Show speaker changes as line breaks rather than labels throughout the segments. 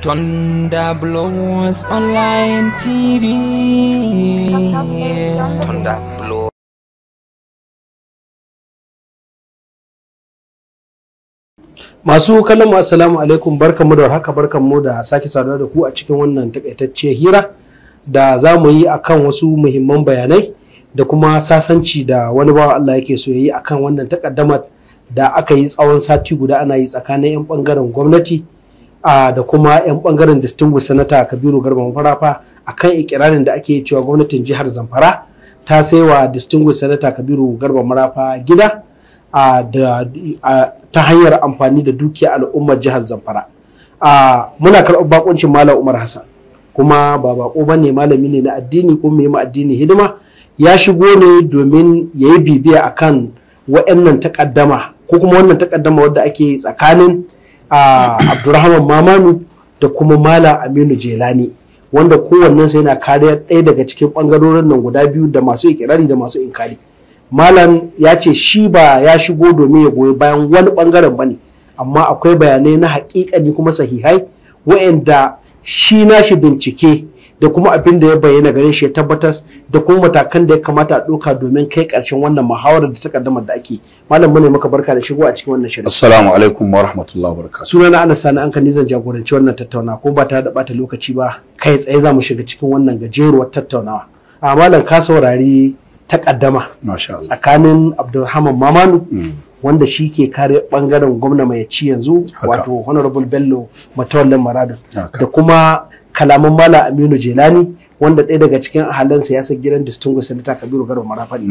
Thunder Blows Online TV. Blows.
Masu kallon assalamu alaikum barkanmu da haka barkanmu da sake saduwa da ku a cikin wannan takaitacciyar hira da za mu yi akan wasu muhimman bayanai da kuma sasanci da wani bawa Allah yake so yi akan wannan takaddamar da aka yi tsawon sati guda ana yi tsakanin 'yan bangaren gwamnati da kuma 'yan bangaren distinguished sanata kabiru garba mafarafa akan ikirarin da ake cewa gwamnatin jihar zamfara ta saiwa distinguished sanata kabiru garba marafa gida ta hanyar amfani da dukiya al'ummar jihar zamfara muna karɓar bakuncin malam umar hassan kuma ba bako ba ne malami ne na addini ko mai addini hidima ya shigo ne domin ya yi bibiya akan wa'annan takaddama ko kuma wannan takaddama wadda ake tsakanin abdurrahman mamanu da kuma malam aminu jelani wanda kowannen sai yana kariya ɗaya daga cikin ɓangarorin nan guda biyu da masu ikirari da masu inkari malam ya ce shi ba ya shigo domin ya goyi bayan wani ɓangaren ba ne amma akwai bayanai na haƙiƙani kuma sahihai wa'anda shi na shi bincike da kuma abin da ya bayyana gare shi ya tabbatar da kuma matakan da ya kamata a ɗauka domin kai ƙarshen wannan muhawarar da ta kaddamar da ake malam mune maka barka da shigo a cikin wannan shirin assalamu
alaikum wa rahmatullahi wa barakatuh
sunana ana Sani an kan zan jagoranci wannan tattaunawa ko ba ta da bata lokaci ba kai tsaye za mu shiga cikin wannan gajeruwar tattaunawa a malam ka saurari takaddama tsakanin Abdulrahman Mamanu mm. wanda shi ke kare bangaren gwamna mai ci yanzu wato honorable bello matawallan maradon da kuma kalaman mala Aminu Jelani wanda ɗaya daga cikin ahalan siyasar gidan distinguished senator Kabiru Garba Marafani.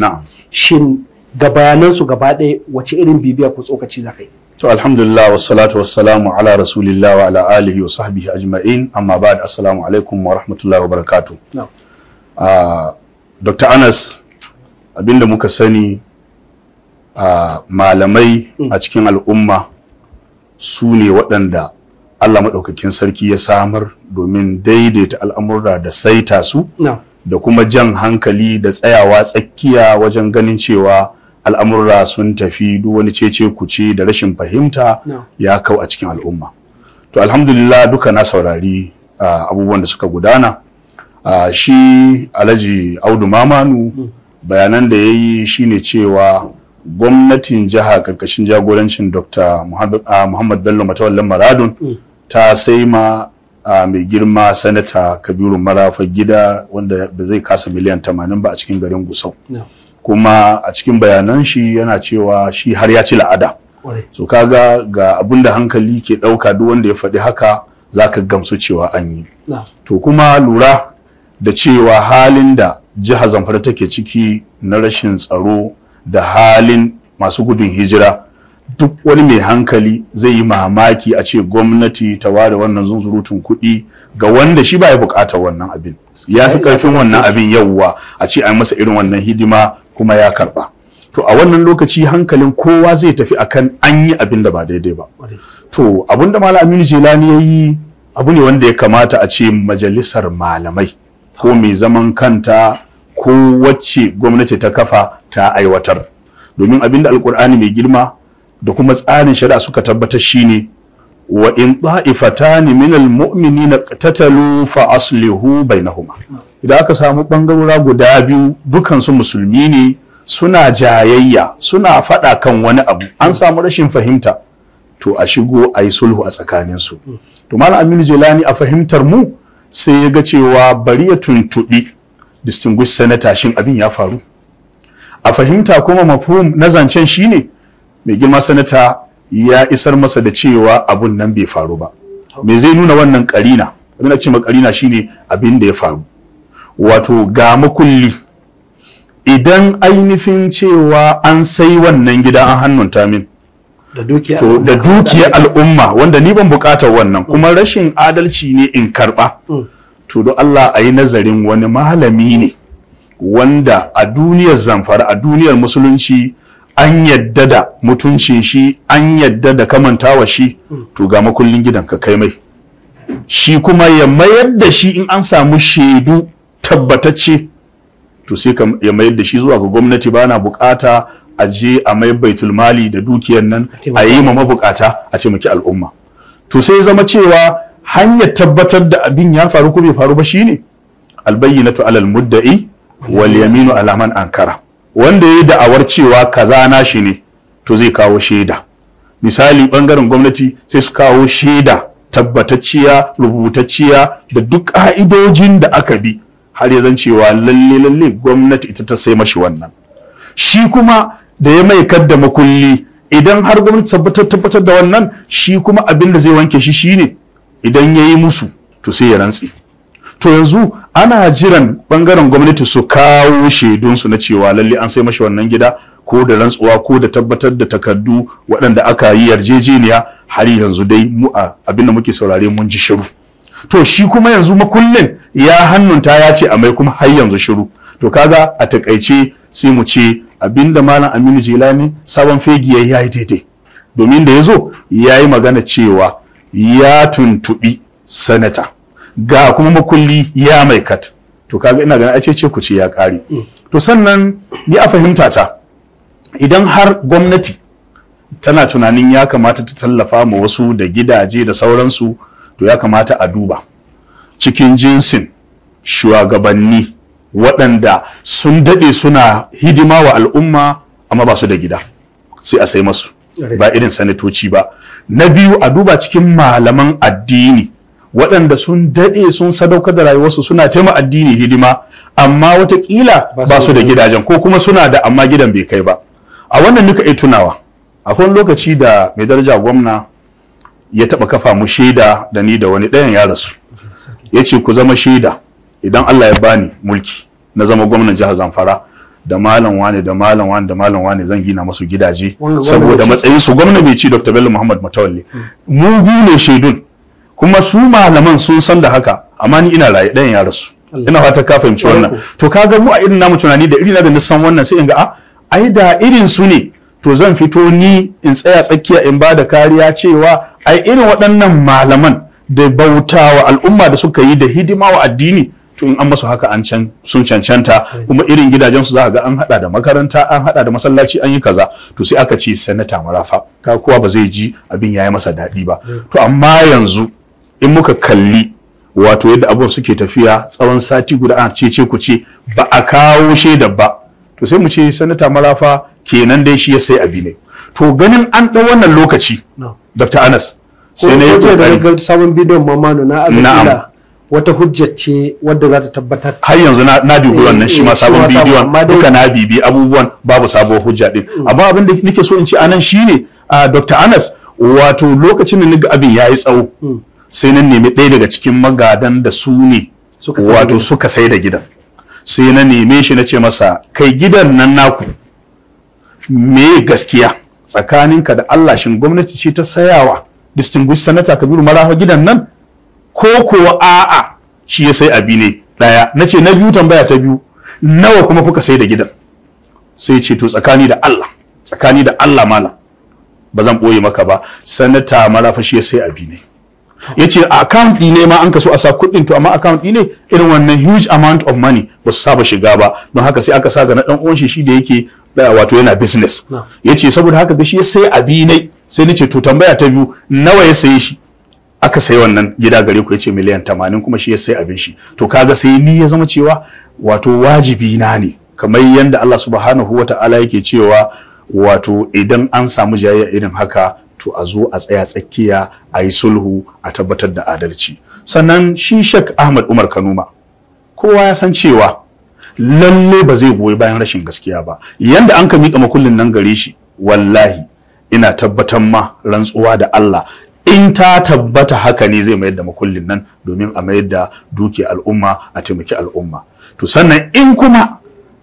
Shin ga bayanansu gaba ɗaya wace irin bibiya ko tsokaci za kai?
To alhamdulillah wa salatu wa salamu ala rasulillah wa ala alihi wa sahbihi ajma'in amma ba'ad assalamu alaikum wa rahmatullahi wa barakatu Uh, ah, Dr. Anas abinda muka sani uh, malamai mm. a cikin al'umma su ne waɗanda Allah maɗaukakin sarki ya samar domin daidaita al'amurra da saita su da kuma jan hankali da tsayawa tsakiya wajen ganin cewa al'amurra sun tafi duk wani cece kuce da rashin fahimta ya kau a cikin al'umma. To alhamdulillah duka na saurari abubuwan da suka gudana. Shi Alhaji Audu Mamanu hmm. bayanan da ya yi shine cewa gwamnatin jiha karkashin jagorancin Dr. Muhammad Bello Matawallan Maradun hmm. ta sai ma a mai girma sanata kabiru marafa gida wanda ba zai kasa miliyan 80 ba a cikin garin gusau kuma a cikin bayanan shi yana cewa shi har ya ci la'ada so kaga ga abin da hankali ke ɗauka duk wanda ya faɗi haka za ka gamsu cewa an yi to kuma lura da cewa halin da jiha zamfara take ciki na rashin tsaro da halin masu gudun hijira duk wani mai hankali zai yi mamaki a ce gwamnati ta ware wannan zunzurutun kuɗi ga wanda shi ba ya buƙatar wannan abin ya fi ƙarfin wannan abin yauwa a ce an masa irin wannan hidima kuma ya karɓa to a wannan lokaci hankalin kowa zai tafi akan an yi abin da ba daidai ba to abin da malam aminu jelani ya yi abu ne wanda ya kamata a ce majalisar malamai ko mai zaman kanta ko wacce gwamnati ta kafa ta aiwatar domin abin da alkur'ani mai girma da kuma tsarin shari'a suka tabbatar shine wa in ta'ifatani min almu'minina qatatalu fa aslihu bainahuma idan aka samu bangarora guda biyu dukansu musulmi ne suna jayayya suna faɗa kan wani abu an samu rashin fahimta to a shigo a yi sulhu a tsakanin su to malam aminu jelani a fahimtar mu sai ya ga cewa bari ya tuntuɓi distinguished senator shin abin ya faru a fahimta kuma mafhum na zancen shine mai girma sanata ya isar masa da cewa abun nan bai faru ba me zai nuna wannan karina abin da ce ma karina shine abin da ya faru wato ga makulli idan ainihin cewa an sai wannan gida an hannun tamin da dukiyar al'umma wanda ni ban bukatar wannan kuma mm. rashin adalci ne in karba mm. to don Allah a yi nazarin wani malami ne wanda a duniyar zamfara a duniyar musulunci an yadda da mutuncin shi an yadda da kamantawa shi to ga makullin gidan ka kai mai shi kuma ya mayar da shi in an samu shaidu tabbatacce to sai ya mayar da shi zuwa ga gwamnati bana bukata a je a mai baitul mali da dukiyar nan a yi ma mabukata a taimaki al'umma to sai zama cewa hanyar tabbatar da abin ya faru ko bai faru ba shine albayyinatu alal mudda'i wal yaminu ala man ankara wanda ya yi da'awar cewa kaza na shi ne to zai kawo shaida misali bangaren gwamnati sai su kawo shaida tabbatacciya rubutacciya da duk ka'idojin da aka bi har ya zan cewa lalle lalle gwamnati ita ta sai mashi wannan shi kuma da ya mai kadda makulli idan har gwamnati tabbatar tabbatar da wannan shi kuma abin da zai wanke shi shine idan ya yi musu to sai ya rantse to yanzu ana jiran bangaren gwamnati su kawo shaidunsu na cewa lalle an sai mashi wannan gida ko da rantsuwa ko da tabbatar da takardu waɗanda aka yi yarjejeniya har yanzu dai mu a abin da muke saurare mun ji shiru to shi kuma yanzu makullin ya hannunta ya ce a mai kuma har yanzu shiru to kaga a takaice sai mu ce abinda malam aminu jilani sabon fegi ya yi daidai domin da ya zo ya yi magana cewa ya tuntuɓi sanata ga kuma makulli ya mai kat to kaga ina ganin ce ku ce ya kare mm. to sannan ni a fahimta ta idan har gwamnati tana tunanin ya kamata ta tallafa ma wasu da gidaje da sauransu to ya kamata a duba cikin jinsin shugabanni waɗanda sun daɗe suna hidima wa al'umma amma ba su da gida sai a sai masu ba irin sanatoci ba na biyu a duba cikin malaman addini waɗanda sun daɗe sun sadaukar da rayuwarsu suna taimaka addini hidima amma watakila ba su da gidajen ko kuma suna da amma gidan bai kai ba a wannan duka iya tunawa akwai lokaci da mai daraja gwamna ya taɓa kafa mu shaida da ni da wani ɗayan ya rasu ya ce ku zama shaida idan Allah ya bani mulki na zama gwamnan jihar Zamfara da malam wani da malam wani da malam wani zan gina masu gidaje saboda matsayinsu. gwamna bai ci Dr. Bello Muhammad Matawalle hmm. mu biyu ne shaidun kuma su malaman sun san da haka amma ni ina raye ɗayan ya rasu ina fata ka fahimci wannan to kaga mu a irin namu tunani da irin da nisan wannan sai in ga a ah, ai da irin su ne to zan fito ni in tsaya tsakiya in bada kariya cewa ai irin waɗannan malaman da bautawa al'umma da suka yi da hidima wa addini to in an masu haka an can sun cancanta kuma irin gidajen su za ga an hada da makaranta an hada da masallaci an yi kaza to sai aka ce sanata marafa ka kowa ba zai ji abin yayi masa daɗi ba to amma yanzu in muka kalli wato yadda abun suke tafiya tsawon sati guda ana cece ku ce ba a kawo shaida ba to sai mu ce sanata malafa kenan dai shi ya sai abi ne to ganin an ɗan wannan lokaci dr anas sai na yi da
sabon bidiyon mamano na azabila wata hujjar ce wadda za ta tabbatar har yanzu na dubi wannan eh, shi ma eh, sabon bidiyon duka na
bibi abubuwan babu sabuwar hujja din mm. amma abin da nake so in ci anan shine dr anas wato lokacin da niga abin yi tsawo mm. sai na nemi ɗaya daga cikin magadan da su ne wato suka sai da gidan sai na neme shi na ce masa kai gidan nan naku me gaskiya tsakaninka da Allah shin gwamnati ce ta sayawa distinguished senator Kabiru Marafa gidan nan ko kuwa a'a shi ya sai abi ne daya na ce na biyu tambaya ta biyu nawa kuma kuka sai da gidan sai ce to tsakani da Allah tsakani da Allah malam ba zan ɓoye maka ba sanata marafa shi ya sai abi ne ya ce a account ne ma an kaso a sa kuɗin to amma account ne irin wannan huge amount of money ba su saba shiga ba don haka sai aka sa ga na ɗan uwan shi shi da yake eh, wato yana business ya ce saboda haka ga shi ya sai abi ne sai ni ce to tambaya ta biyu nawa ya saye shi aka sai wannan gida gare ku ya ce miliyan tamanin kuma shi ya sai abin shi to kaga sai ni ya zama cewa wato wajibi na ne kamar yadda Allah subhanahu wa ta'ala yake cewa wato idan an samu jayayya irin haka to a zo a tsaya tsakiya a yi sulhu a tabbatar da adalci sannan shi shek ahmad umar kanuma kowa ya san cewa lalle ba zai goyi bayan rashin gaskiya ba yanda an ka miƙa makullin nan gare shi wallahi ina tabbatar ma rantsuwa da Allah in ta tabbata haka ne zai mayar da makullin nan domin a mayar da duki al'umma a taimaki al'umma to sannan in kuma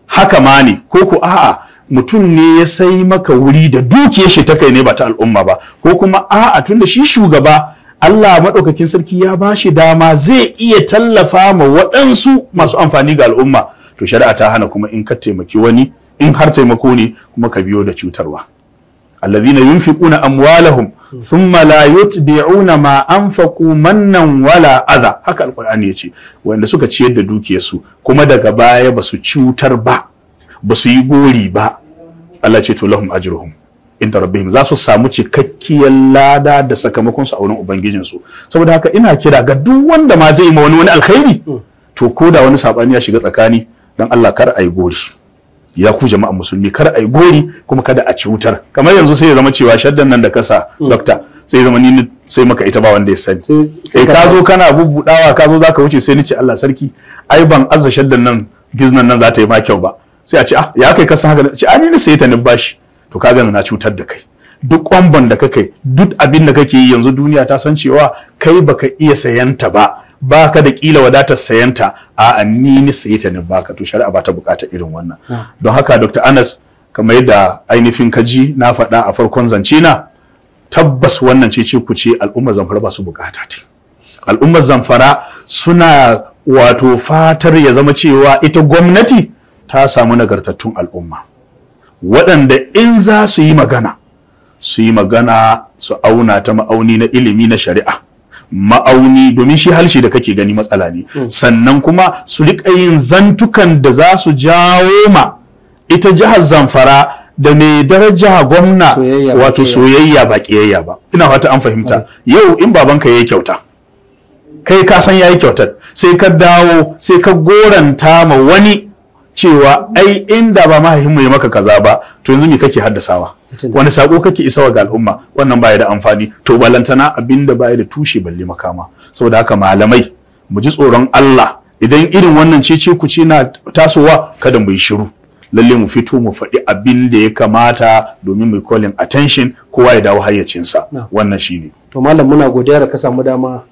haka ma ne ko ku a'a mutum ne ya sai maka wuri da dukiyar shi ta kai ne ba ta al'umma ba ko kuma a'a da shi shugaba Allah maɗaukakin sarki ya ba shi dama zai iya tallafa ma waɗansu masu amfani ga al'umma to shari'a ta hana kuma in ka taimaki wani in har taimako ne kuma ka biyo da cutarwa allazina yunfiquna amwalahum thumma la yutbi'una ma anfaqu mannan wala adha haka alqur'ani yace wanda suka ciyar da dukiyarsu kuma daga baya basu cutar ba ba su yi gori ba Allah ce to lahum ajruhum inda rabbihim za su samu cikakkiyar lada da sakamakon su a wurin ubangijin su saboda haka ina kira ga duk wanda ma zai ma wani wani alkhairi to ko da wani sabani ya shiga tsakani dan Allah kar a gori ya ku jama'a musulmi kar a yi gori kuma kada a ci wutar kamar yanzu sai ya zama cewa shaddan nan da kasa dokta sai zama ni sai maka ita ba wanda ya sani sai eh, ka zo kana bubbudawa ka zo zaka wuce sai ni ce Allah sarki ai ban azza shaddan nan giznan nan za ta yi ma kyau ba sai a ce ah ya kai kasan haka ce ani na sai ta bashi to ka gani na cutar da kai duk kwamban da kake duk abin da kake yi yanzu duniya ta san cewa kai baka iya sayanta ba baka da kila wadatar sayanta a ni ni sai ta baka to shari'a ba ta bukata irin wannan don haka Dr. Anas kamar yadda ainihin kaji na faɗa a farkon zance na tabbas wannan ce ce kuce al'ummar zamfara ba su bukata ta al'ummar zamfara suna wato fatar ya zama cewa ita gwamnati ta samu nagartattun al'umma waɗanda in za su yi magana su yi magana su auna ta ma'auni na ilimi na shari'a ma'auni domin shi halshe da kake gani matsala ne mm. sannan kuma su riƙa yin zantukan da za su jawo ma ita jihar zamfara da mai daraja gwamna wato soyayya ba ƙiyayya ba ina fata an fahimta mm. yau in babanka ya yi kyauta kai ka san ya yi kyautar sai ka dawo sai ka goranta ma wani cewa ai inda ba mahaifinmu ya maka kaza ba to yanzu me kake haddasawa wani sako kake isawa ga al'umma wannan baya da amfani to balantana abinda baya da tushe balle makama saboda haka malamai mu ji tsoron Allah idan irin wannan cece ku ce na tasowa kada mu yi shiru lalle mu fito mu faɗi abin da ya kamata domin mu calling attention kowa ya dawo hayyacinsa wannan shine to malam muna godiya da ka
samu dama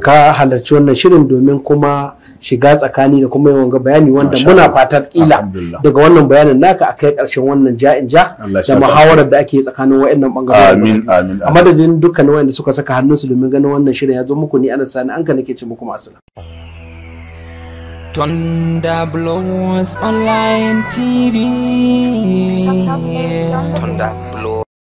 ka halarci wannan shirin domin kuma shiga tsakani da kuma yawan bayani wanda muna fatar kila daga wannan bayanin naka a kai karshen wannan ja'in ja da muhawarar da ake tsakanin wa'annan bangarorin
amin amin a
madadin dukkanin wa'anda suka saka hannunsu domin ganin wannan shirin ya zo muku ni ana sani an ka nake ce muku masu
Thunder Blows Online TV. Thunder
Blows.